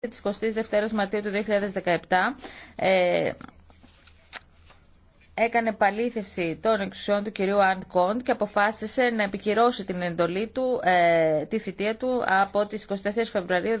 της 22ης Μαρτίου του 2017 ε, έκανε παλήθευση των εξουσιών του κυρίου Αντ Κοντ και αποφάσισε να επικυρώσει την εντολή του, ε, τη θητεία του από τις 24 Φεβρουαρίου 2017.